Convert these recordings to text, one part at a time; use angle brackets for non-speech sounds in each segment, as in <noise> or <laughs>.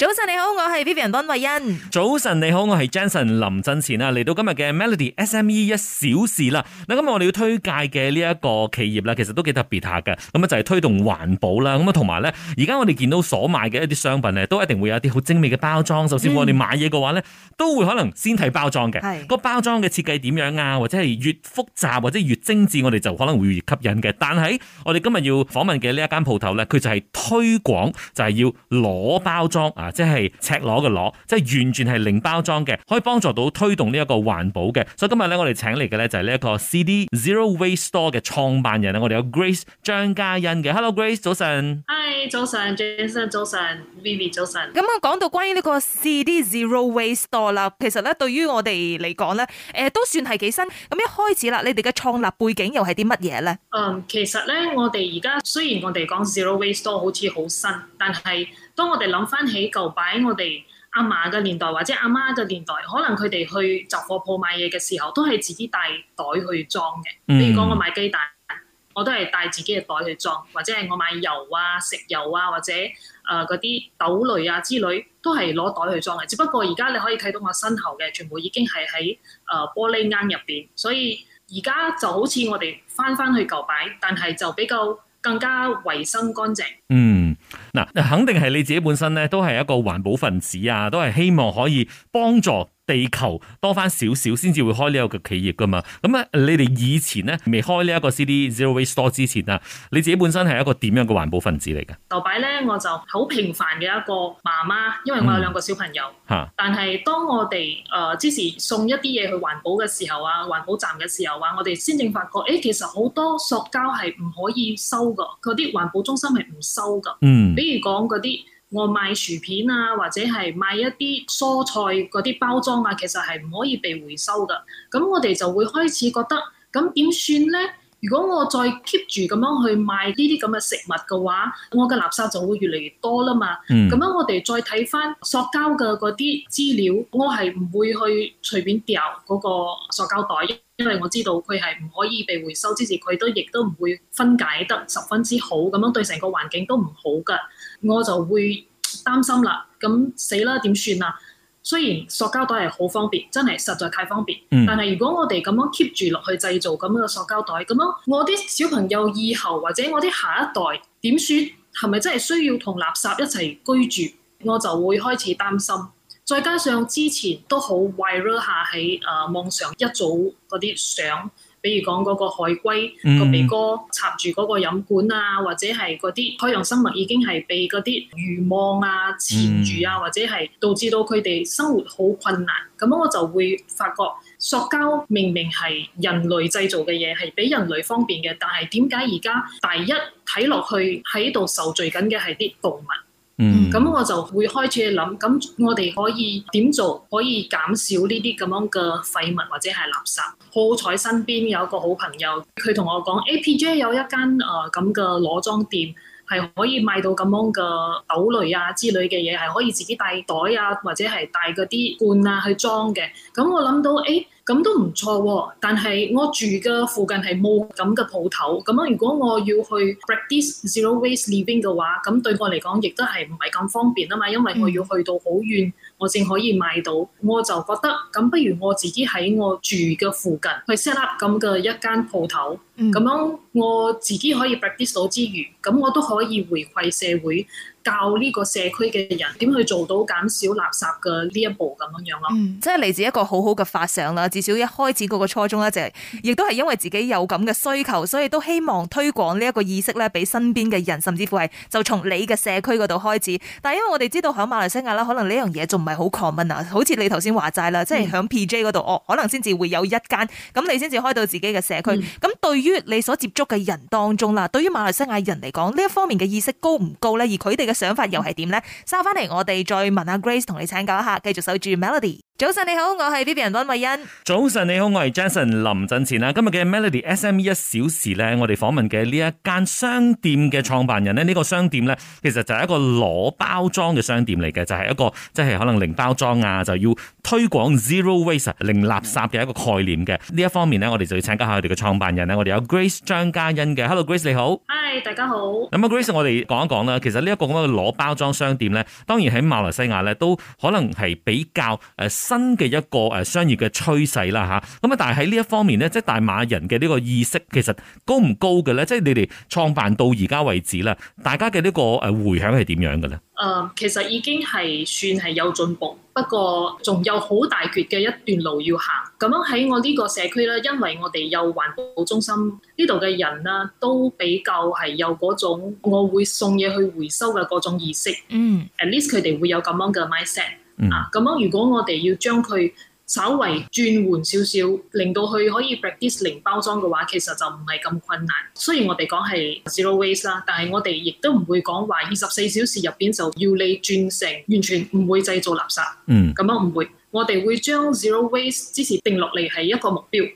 早晨你好，我係 Vivian 溫慧欣。早晨你好，我係 Jansen 林振前啊，嚟到今日嘅 Melody SME 一小時啦。嗱，今日我哋要推介嘅呢一個企業啦，其實都幾特別下嘅。咁啊，就係、是、推動環保啦。咁啊，同埋咧，而家我哋見到所買嘅一啲商品咧，都一定會有一啲好精美嘅包裝。首先，嗯、我哋買嘢嘅話咧，都會可能先睇包裝嘅。個是包裝嘅設計點樣啊？或者係越複雜或者越精緻，我哋就可能會越吸引嘅。但係我哋今日要訪問嘅呢一間鋪頭咧，佢就係推廣，就係、是、要裸包裝啊。 <music> 即係赤裸嘅裸，裸，即係完全係零包裝嘅，可以幫助到推動呢一個環保嘅。所以今日咧，我哋請嚟嘅咧就係呢一個 CD Zero Waste Store 嘅創辦人啊。我哋有 Grace 張嘉欣嘅。Hello Grace，早晨。Hi，早晨，Jason 早晨，Vivy 早晨。咁我講到關於呢個 CD Zero Waste Store 啦，其實咧對於我哋嚟講咧，誒、呃、都算係幾新。咁一開始啦，你哋嘅創立背景又係啲乜嘢咧？嗯，其實咧我哋而家雖然我哋講 Zero Waste Store 好似好新，但係。當我哋諗翻起舊擺，我哋阿嫲嘅年代或者阿媽嘅年代，可能佢哋去雜貨鋪買嘢嘅時候，都係自己帶袋去裝嘅。嗯、譬如講，我買雞蛋，我都係帶自己嘅袋去裝；或者係我買油啊、食油啊，或者誒嗰啲豆類啊之類，都係攞袋去裝嘅。只不過而家你可以睇到我身後嘅全部已經係喺誒玻璃罌入邊，所以而家就好似我哋翻翻去舊擺，但係就比較更加衞生乾淨。嗯。嗱，肯定係你自己本身咧，都係一個環保分子啊，都係希望可以幫助，地球多翻少少先至會開呢個企業噶嘛？咁啊，你哋以前咧未開呢一個 CD Zero Waste Store 之前啊，你自己本身係一個點樣嘅環保分子嚟嘅？豆擺咧，我就好平凡嘅一個媽媽，因為我有兩個小朋友。吓、嗯！但係當我哋誒之前送一啲嘢去環保嘅時候啊，環保站嘅時候啊，我哋先至發覺，誒、欸，其實好多塑膠係唔可以收嘅，嗰啲環保中心係唔收嘅。嗯。比如講嗰啲。我賣薯片啊，或者係賣一啲蔬菜嗰啲包裝啊，其實係唔可以被回收㗎。咁我哋就會開始覺得，咁點算咧？如果我再 keep 住咁樣去賣呢啲咁嘅食物嘅話，我嘅垃圾就會越嚟越多啦嘛。咁樣、嗯、我哋再睇翻塑膠嘅嗰啲資料，我係唔會去隨便掉嗰個塑膠袋，因為我知道佢係唔可以被回收，之前佢都亦都唔會分解得十分之好，咁樣對成個環境都唔好㗎，我就會擔心啦。咁死啦，點算啊？雖然塑膠袋係好方便，真係實在太方便。嗯、但係如果我哋咁樣 keep 住落去製造咁樣嘅塑膠袋，咁樣我啲小朋友以後或者我啲下一代點算？係咪真係需要同垃圾一齊居住？我就會開始擔心。再加上之前都好 viral 下喺誒、呃、網上一早嗰啲相。比如講嗰個海龜個鼻哥插住嗰個飲管啊，或者係嗰啲海洋生物已經係被嗰啲漁網啊纏住啊，或者係導致到佢哋生活好困難。咁我就會發覺塑膠明明係人類製造嘅嘢，係畀人類方便嘅，但係點解而家第一睇落去喺度受罪緊嘅係啲動物？咁、嗯、我就會開始去諗，咁我哋可以點做，可以減少呢啲咁樣嘅廢物或者係垃圾。好彩身邊有一個好朋友，佢同我講，APJ 有一間啊咁嘅裸裝店。係可以買到咁樣嘅豆類啊之類嘅嘢，係可以自己帶袋啊，或者係帶嗰啲罐啊去裝嘅。咁我諗到，誒咁都唔錯喎、啊。但係我住嘅附近係冇咁嘅鋪頭。咁啊，如果我要去 practice zero waste living 嘅話，咁對我嚟講亦都係唔係咁方便啊嘛。因為我要去到好遠，嗯、我先可以買到。我就覺得咁，不如我自己喺我住嘅附近去 set up 咁嘅一間鋪頭。咁、嗯、樣我自己可以 practice 之餘，咁我都可以回饋社會，教呢個社區嘅人點去做到減少垃圾嘅呢一步咁樣樣咯。嗯、即係嚟自一個好好嘅發想啦。至少一開始嗰個初衷咧，就係、是、亦都係因為自己有咁嘅需求，所以都希望推廣呢一個意識咧，俾身邊嘅人，甚至乎係就從你嘅社區嗰度開始。但係因為我哋知道喺馬來西亞啦，可能呢樣嘢仲唔係好 common 啊。好似你頭先話齋啦，即係喺 P J 嗰度，嗯、哦，可能先至會有一間，咁你先至開到自己嘅社區。咁對於於你所接觸嘅人當中啦，對於馬來西亞人嚟講，呢一方面嘅意識高唔高咧？而佢哋嘅想法又係點咧？稍翻嚟，我哋再問下 Grace 同你請教一下，繼續守住 Melody。早晨你好，我係 Vivian 溫慧欣。早晨你好，我係 Jason 林振前啦。今日嘅 Melody S M E 一小時咧，我哋訪問嘅呢一間商店嘅創辦人呢，呢、這個商店咧，其實就係一個裸包裝嘅商店嚟嘅，就係、是、一個即係可能零包裝啊，就要推廣 zero waste 零垃圾嘅一個概念嘅呢一方面呢，我哋就要請教下我哋嘅創辦人呢。我哋有 Grace 張嘉欣嘅，Hello Grace 你好。Hi 大家好。咁啊，Grace 我哋講一講啦。其實呢一個咁嘅裸包裝商店咧，當然喺馬來西亞咧都可能係比較誒。呃新嘅一個誒商業嘅趨勢啦吓，咁啊，但係喺呢一方面咧，即係大馬人嘅呢個意識其實高唔高嘅咧？即係你哋創辦到而家位止啦，大家嘅呢個誒迴響係點樣嘅咧？誒，其實已經係算係有進步，不過仲有好大段嘅一段路要行。咁樣喺我呢個社區咧，因為我哋有環保中心呢度嘅人啦，都比較係有嗰種我會送嘢去回收嘅嗰種意識。嗯，at least 佢哋會有咁樣嘅 mindset 嗯、啊，咁樣如果我哋要將佢稍微轉換少少，令到佢可以 practice 零包裝嘅話，其實就唔係咁困難。雖然我哋講係 zero waste 啦，但係我哋亦都唔會講話二十四小時入邊就要你轉成完全唔會製造垃圾。嗯，咁樣唔會。我哋會將 zero waste 支持定落嚟係一個目標，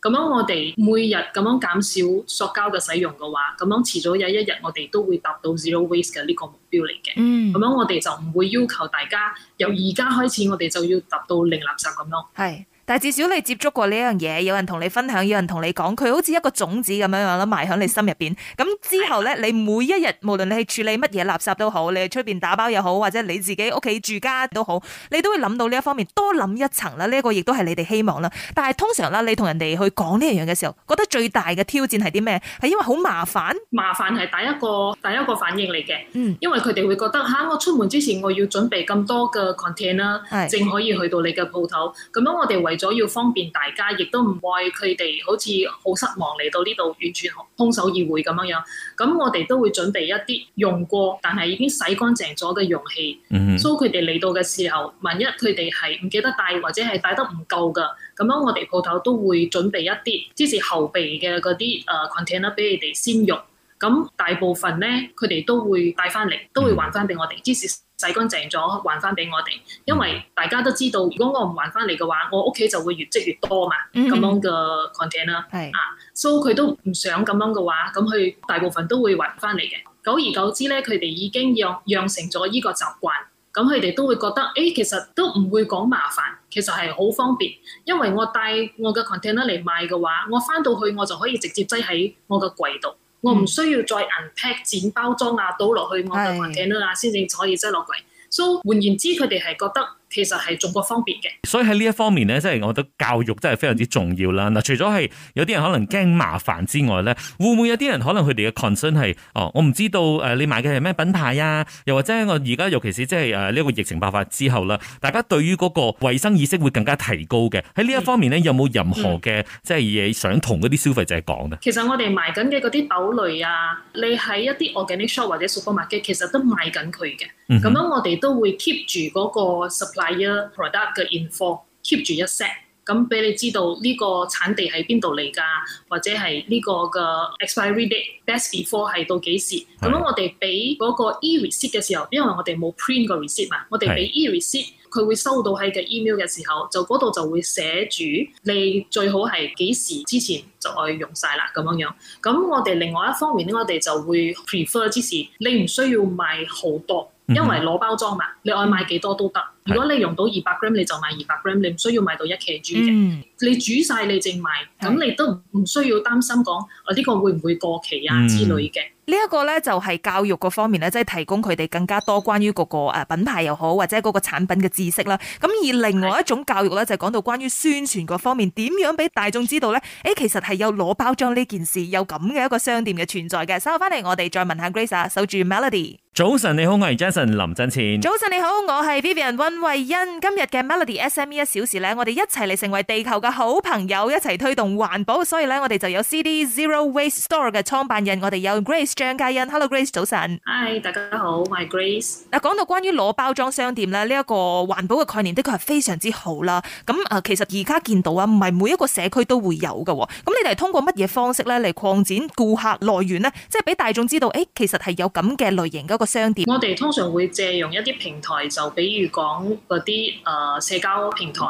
咁樣我哋每日咁樣減少塑膠嘅使用嘅話，咁樣遲早有一日我哋都會達到 zero waste 嘅呢個目標。嚟嘅，嗯，咁樣我哋就唔會要求大家由而家開始，我哋就要達到零垃圾咁咯。係，但係至少你接觸過呢樣嘢，有人同你分享，有人同你講，佢好似一個種子咁樣樣咯，埋響你心入邊。咁之後呢，的你每一日無論你去處理乜嘢垃圾都好，你出邊打包又好，或者你自己屋企住家都好，你都會諗到呢一方面，多諗一層啦。呢個亦都係你哋希望啦。但係通常啦，你同人哋去講呢樣嘢嘅時候，覺得最大嘅挑戰係啲咩？係因為好麻煩。麻煩係第一個第一個反應嚟嘅。嗯，因為。佢哋會覺得嚇、啊，我出門之前我要準備咁多嘅 container，正可以去到你嘅鋪頭。咁樣我哋為咗要方便大家，亦都唔為佢哋好似好失望嚟到呢度，完全空手而回咁樣樣。咁我哋都會準備一啲用過但係已經洗乾淨咗嘅容器，mm hmm. 所以佢哋嚟到嘅時候，萬一佢哋係唔記得帶或者係帶得唔夠嘅，咁樣我哋鋪頭都會準備一啲，即係後備嘅嗰啲誒 container 俾你哋先用。咁大部分咧，佢哋都會帶翻嚟，都會還翻俾我哋，即使、mm hmm. 洗乾淨咗，還翻俾我哋。因為大家都知道，如果我唔還翻嚟嘅話，我屋企就會越積越多嘛。咁、mm hmm. 樣嘅 container 啦、er，mm hmm. 啊，所以佢都唔想咁樣嘅話，咁佢大部分都會還翻嚟嘅。久而久之咧，佢哋已經養養成咗依個習慣，咁佢哋都會覺得，誒、欸，其實都唔會講麻煩，其實係好方便，因為我帶我嘅 container 啦嚟賣嘅話，我翻到去我就可以直接擠喺我嘅櫃度。我唔需要再銀劈剪、包裝啊，倒落去我嘅環境啦，先至可以擠落櫃。所以是、so, 換言之，佢哋係覺得。其實係仲個方便嘅，所以喺呢一方面咧，即、就、係、是、我覺得教育真係非常之重要啦。嗱，除咗係有啲人可能驚麻煩之外咧，會唔會有啲人可能佢哋嘅 concern 係哦？我唔知道誒，你買嘅係咩品牌啊？又或者我而家尤其是即係誒呢個疫情爆發之後啦，大家對於嗰個衞生意識會更加提高嘅。喺呢一方面咧，有冇任何嘅即係嘢想同嗰啲消費者講咧？嗯嗯？其實我哋賣緊嘅嗰啲豆類啊，你喺一啲 organic shop 或者 supermarket 嘅，其實都賣緊佢嘅。咁、嗯、哼樣我哋都會 keep 住嗰個 supply 買嘢 product 嘅 info keep 住一 set，咁俾你知道呢個產地喺邊度嚟㗎，或者係呢個嘅 expiry date best before 係到幾時，咁樣是的 我哋俾嗰個 e receipt 嘅時候，因為我哋冇 print 個 receipt 嘛，我哋俾 e receipt，佢會收到喺嘅 email 嘅時候，就嗰度就會寫住你最好係幾時之前就可以用晒啦咁樣樣，咁我哋另外一方面咧，我哋就會 prefer 之時，你唔需要買好多。因為攞包裝嘛，你愛買幾多都得。如果你用到二百 gram，你就買二百 gram，你唔需要買到一 kg 嘅。嗯、你煮晒你淨賣，咁你都唔需要擔心講，我呢、嗯、個會唔會過期啊之類嘅。呢一、嗯這個咧就係教育嗰方面咧，即、就、係、是、提供佢哋更加多關於嗰個誒品牌又好，或者嗰個產品嘅知識啦。咁而另外一種教育咧，就係講到關於宣傳嗰方面，點樣俾大眾知道咧？誒，其實係有攞包裝呢件事有咁嘅一個商店嘅存在嘅。稍後翻嚟，我哋再問下 Grace，守住 Melody。早晨，你好，我係 Jason 林振前。早晨，你好，我係 Vivian 溫慧欣。今日嘅 Melody SME 一小時咧，我哋一齊嚟成為地球嘅好朋友，一齊推動環保。所以咧，我哋就有 CD Zero Waste Store 嘅創辦人，我哋有 Grace 張嘉欣。Hello，Grace，早晨。Hi，大家好，我係 Grace。嗱，講到關於裸包裝商店咧，呢一個環保嘅概念的確係非常之好啦。咁啊，其實而家見到啊，唔係每一個社區都會有嘅。咁你哋通過乜嘢方式咧嚟擴展顧客來源呢？即係俾大眾知道，誒，其實係有咁嘅類型嘅個。我哋通常會借用一啲平台，就比如講嗰啲誒社交平台，誒、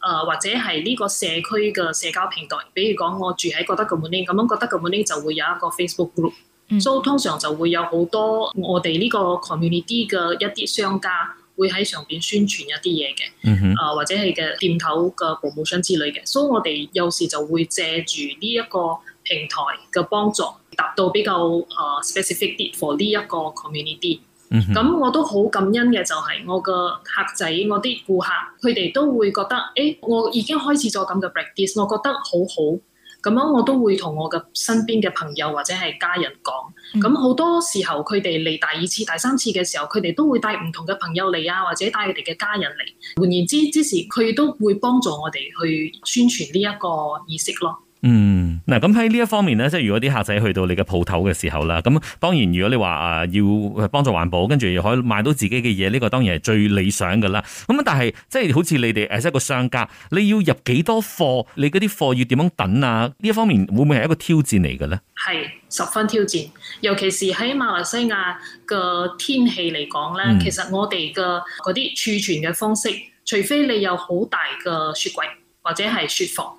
呃、或者係呢個社區嘅社交平台，比如講我住喺覺得嘅滿呢，咁樣覺得嘅滿呢就會有一個 Facebook group，所以、嗯 so, 通常就會有好多我哋呢個 community 嘅一啲商家會喺上邊宣傳一啲嘢嘅，誒、嗯哼呃、或者係嘅店頭嘅服務商之類嘅，所、so, 以我哋有時就會借住呢一個平台嘅幫助。達到比較啊 specific 啲 for 呢一個 community，咁、mm hmm. 我都好感恩嘅就係我個客仔，我啲顧客佢哋都會覺得，誒、欸，我已經開始咗咁嘅 practice 我覺得好好。咁樣我都會同我嘅身邊嘅朋友或者係家人講。咁好、mm hmm. 多時候佢哋嚟第二次、第三次嘅時候，佢哋都會帶唔同嘅朋友嚟啊，或者帶佢哋嘅家人嚟。換言之，之前佢都會幫助我哋去宣傳呢一個意識咯。嗯，嗱，咁喺呢一方面咧，即係如果啲客仔去到你嘅鋪頭嘅時候啦，咁當然如果你話啊要幫助環保，跟住又可以買到自己嘅嘢，呢個當然係最理想噶啦。咁但係即係好似你哋誒，即係個商家，你要入幾多貨，你嗰啲貨要點樣等啊？呢一方面會唔會係一個挑戰嚟嘅咧？係十分挑戰，尤其是喺馬來西亞嘅天氣嚟講咧，嗯、其實我哋嘅嗰啲儲存嘅方式，除非你有好大嘅雪櫃。或者係雪房，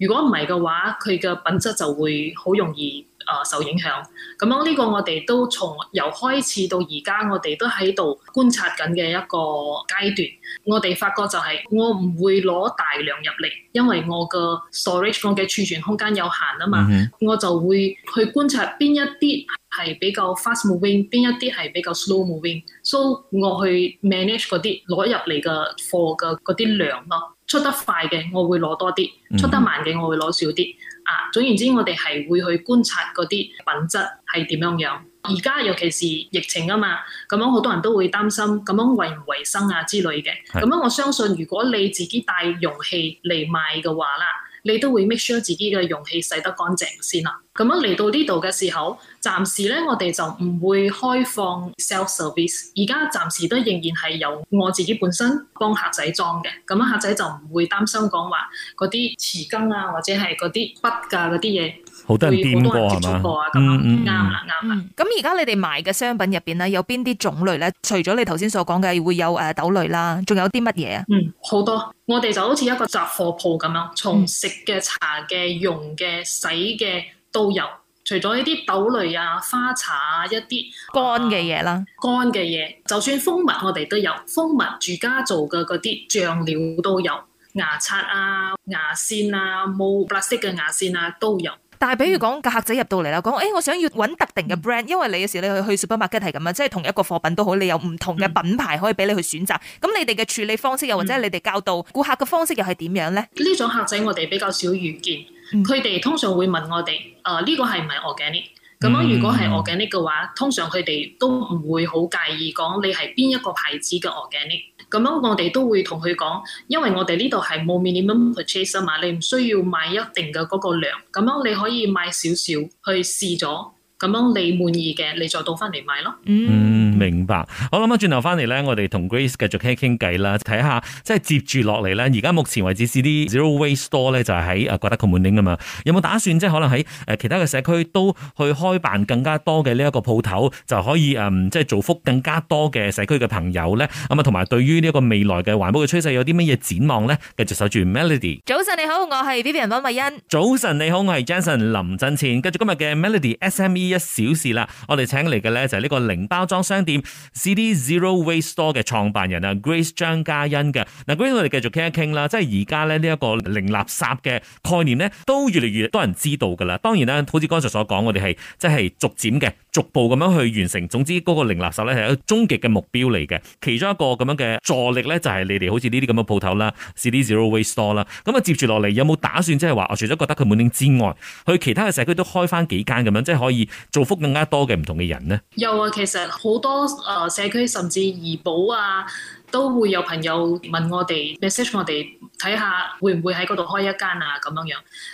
如果唔係嘅話，佢嘅品質就會好容易啊受影響。咁樣呢個我哋都從由開始到而家，我哋都喺度觀察緊嘅一個階段。我哋發覺就係、是、我唔會攞大量入嚟，因為我個 storage 我嘅儲存,存空間有限啊嘛，mm hmm. 我就會去觀察邊一啲。係比較 fast moving，邊一啲係比較 slow moving，所、so，以我去 manage 嗰啲攞入嚟嘅貨嘅嗰啲量咯。出得快嘅，我會攞多啲；出得慢嘅，我會攞少啲。啊，總言之，我哋係會去觀察嗰啲品質係點樣樣。而家尤其是疫情啊嘛，咁樣好多人都會擔心，咁樣衞唔衞生啊之類嘅。咁是的 樣我相信，如果你自己帶容器嚟買嘅話啦。你都會 make sure 自己嘅容器洗得乾淨先啦。咁樣嚟到呢度嘅時候，暫時咧我哋就唔會開放 self service。而家暫時都仍然係由我自己本身幫客仔裝嘅。咁樣客仔就唔會擔心講話嗰啲匙羹啊，或者係嗰啲筆㗎，嗰啲嘢。好多人接觸過係嘛？吧嗯嗯啱啊啱啊。咁而家你哋賣嘅商品入邊咧，有邊啲種類咧？除咗你頭先所講嘅會有誒豆類啦，仲有啲乜嘢啊？嗯，好多我哋就好似一個雜貨鋪咁樣，從食嘅、茶嘅、用嘅、洗嘅都有。除咗呢啲豆類啊、花茶啊，一啲乾嘅嘢啦，乾嘅嘢就算蜂蜜我哋都有。蜂蜜住家做嘅嗰啲醬料都有。牙刷啊、牙線啊、冇白色嘅牙線啊都有。但係，比如講，客仔入到嚟啦，講，誒、欸，我想要揾特定嘅 brand，因為你有時，你去去 supermarket 係咁樣，即係同一個貨品都好，你有唔同嘅品牌可以俾你去選擇。咁你哋嘅處理方式又或者你哋教導顧客嘅方式又係點樣咧？呢種客仔我哋比較少遇見，見，佢哋通常會問我哋，啊、呃，呢個係唔係 organic？咁樣、嗯、如果係 organic 嘅話，通常佢哋都唔會好介意講你係邊一個牌子嘅 organic。咁樣我哋都會同佢講，因為我哋呢度係冇 minimum purchase 啊嘛，你唔需要買一定嘅嗰個量。咁樣你可以買少少去試咗，咁樣你滿意嘅，你再倒翻嚟買咯。嗯。明白，好啦，咁啊，轉頭翻嚟咧，我哋同 Grace 繼續傾傾偈啦，睇下即係接住落嚟咧，而家目前為止是啲 Zero Waste Store 咧，就係喺啊，怪得佢門頂啊嘛，有冇打算即係可能喺誒、呃、其他嘅社區都去開辦更加多嘅呢一個鋪頭，就可以誒、嗯，即係造福更加多嘅社區嘅朋友咧。咁啊，同埋對於呢一個未來嘅環保嘅趨勢，有啲乜嘢展望咧？繼續守住 Melody。早晨你好，我係 Vivian 溫慧欣。早晨你好，我係 Jason 林振前。繼續今日嘅 Melody S M E 一小時啦，我哋請嚟嘅咧就係呢個零包裝商。點 CD Zero Waste Store 嘅創辦人啊 Grace 張嘉欣嘅嗱，Grace 我哋繼續傾一傾啦，即係而家咧呢一個零垃圾嘅概念咧，都越嚟越多人知道噶啦。當然啦好似剛才所講，我哋係即係逐漸嘅。逐步咁樣去完成，總之嗰個零垃圾咧係一個終極嘅目標嚟嘅。其中一個咁樣嘅助力咧，就係你哋好似呢啲咁嘅鋪頭啦，City Zero Waste Store 啦。咁啊接住落嚟有冇打算即係話，我除咗覺得佢滿丁之外，去其他嘅社區都開翻幾間咁樣，即係可以造福更加多嘅唔同嘅人呢？有啊，其實好多誒社區甚至怡保啊，都會有朋友問我哋 message 我哋睇下會唔會喺嗰度開一間啊咁樣樣。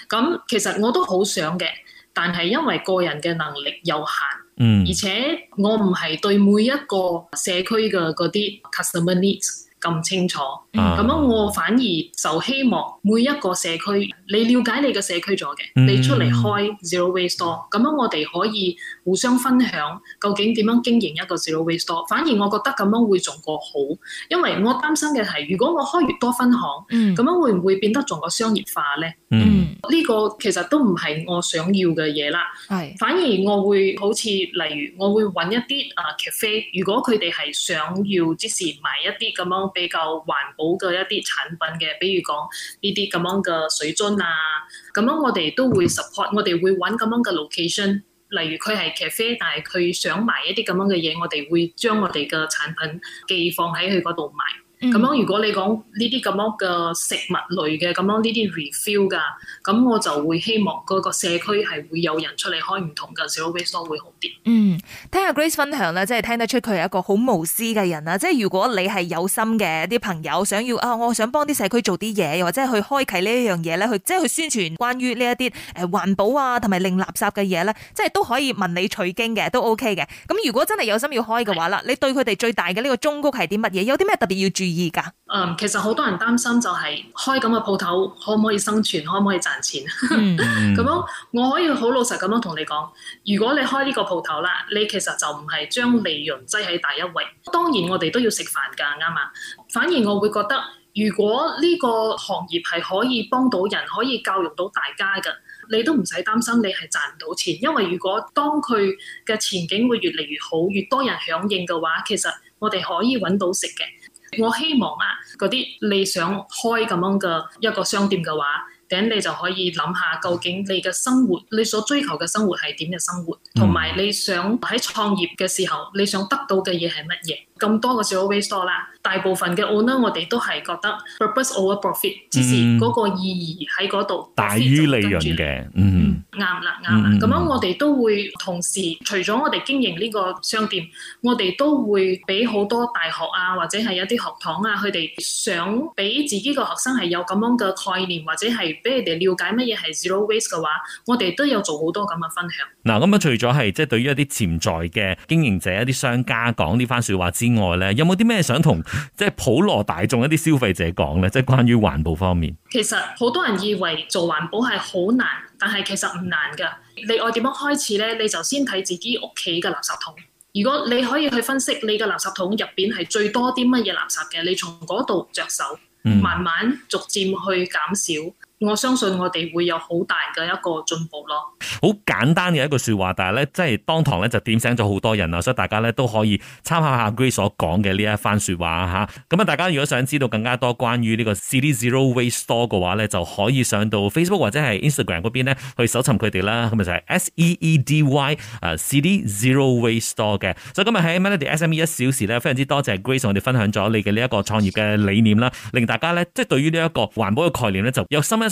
咁其實我都好想嘅，但係因為個人嘅能力有限。嗯，而且我唔係對每一個社區嘅嗰啲 customer needs 咁清楚，咁、嗯、樣我反而就希望每一個社區，你了解你嘅社區咗嘅，你出嚟開 zero waste store，咁樣我哋可以互相分享究竟點樣經營一個 zero waste store。反而我覺得咁樣會仲過好，因為我擔心嘅係如果我開越多分行，咁樣會唔會變得仲過商業化咧？嗯，呢、嗯、個其實都唔係我想要嘅嘢啦。係是，反而我會好似例如，我會揾一啲啊 cafe，如果佢哋係想要即時買一啲咁樣。比較環保嘅一啲產品嘅，比如講呢啲咁樣嘅水樽啊，咁樣我哋都會 support，我哋會揾咁樣嘅 location，例如佢係 cafe，但係佢想賣一啲咁樣嘅嘢，我哋會將我哋嘅產品寄放喺佢嗰度賣。咁樣、嗯、如果你講呢啲咁樣嘅食物類嘅咁樣呢啲 refill 㗎，咁我就會希望嗰個社區係會有人出嚟開唔同嘅小攤位，會好啲。嗯，聽下 Grace 分享咧，真係聽得出佢係一個好無私嘅人啦。即係如果你係有心嘅啲朋友，想要啊，我想幫啲社區做啲嘢，或者去開啓呢一樣嘢咧，去即係去宣傳關於呢一啲誒環保啊同埋零垃圾嘅嘢咧，即係都可以問你取經嘅，都 OK 嘅。咁如果真係有心要開嘅話啦，嗯、你對佢哋最大嘅呢個忠告係啲乜嘢？有啲咩特別要注意？意噶，嗯，um, 其實好多人擔心就係開咁嘅鋪頭可唔可以生存，可唔可以賺錢？咁、 <laughs> 嗯、 <laughs> 樣我可以好老實咁樣同你講，如果你開呢個鋪頭啦，你其實就唔係將利潤擠喺第一位。當然我哋都要食飯噶，啱嘛？反而我會覺得，如果呢個行業係可以幫到人，可以教育到大家嘅，你都唔使擔心你係賺唔到錢，因為如果當佢嘅前景會越嚟越好，越多人響應嘅話，其實我哋可以揾到食嘅。我希望啊，嗰啲你想開咁樣嘅一個商店嘅話，等你就可以諗下，究竟你嘅生活，你所追求嘅生活係點嘅生活，同埋你想喺創業嘅時候，你想得到嘅嘢係乜嘢？咁多個 zero waste 啦，大部分嘅 owner 我哋都係覺得 purpose over profit，只是嗰個意義喺嗰度大於利潤嘅，嗯，啱啦 profit，啱啦。咁樣我哋都會同時除咗我哋經營呢個商店，我哋都會俾好多大學啊，或者係一啲學堂啊，佢哋想俾自己個學生係有咁樣嘅概念，或者係俾佢哋了解乜嘢係 zero waste 嘅話，我哋都有做好多咁嘅分享。嗱，咁啊，除咗係即係對於一啲潛在嘅經營者、一啲商家講呢番說話之，另外咧，有冇啲咩想同即係普羅大眾一啲消費者講咧？即係關於環保方面，其實好多人以為做環保係好難，但係其實唔難噶。另外點樣開始咧？你就先睇自己屋企嘅垃圾桶。如果你可以去分析你嘅垃圾桶入邊係最多啲乜嘢垃圾嘅，你從嗰度着手，慢慢逐漸去減少。我相信我哋會有好大嘅一個進步咯。好簡單嘅一句説話，但係咧，即係當堂咧就點醒咗好多人啊！所以大家咧都可以參考下 Grace 所講嘅呢一番説話嚇。咁啊，大家如果想知道更加多關於呢個 Seedy Zero Waste Store 嘅話咧，就可以上到 Facebook 或者係 Instagram 嗰邊咧去搜尋佢哋啦。咁啊就係 S E E D Y 啊、uh, Seedy Zero Waste Store 嘅。所以今日喺 Melody S M E 一小時咧，非常之多謝 Grace，同我哋分享咗你嘅呢一個創業嘅理念啦，令大家咧即係對於呢一個環保嘅概念咧，就有深一。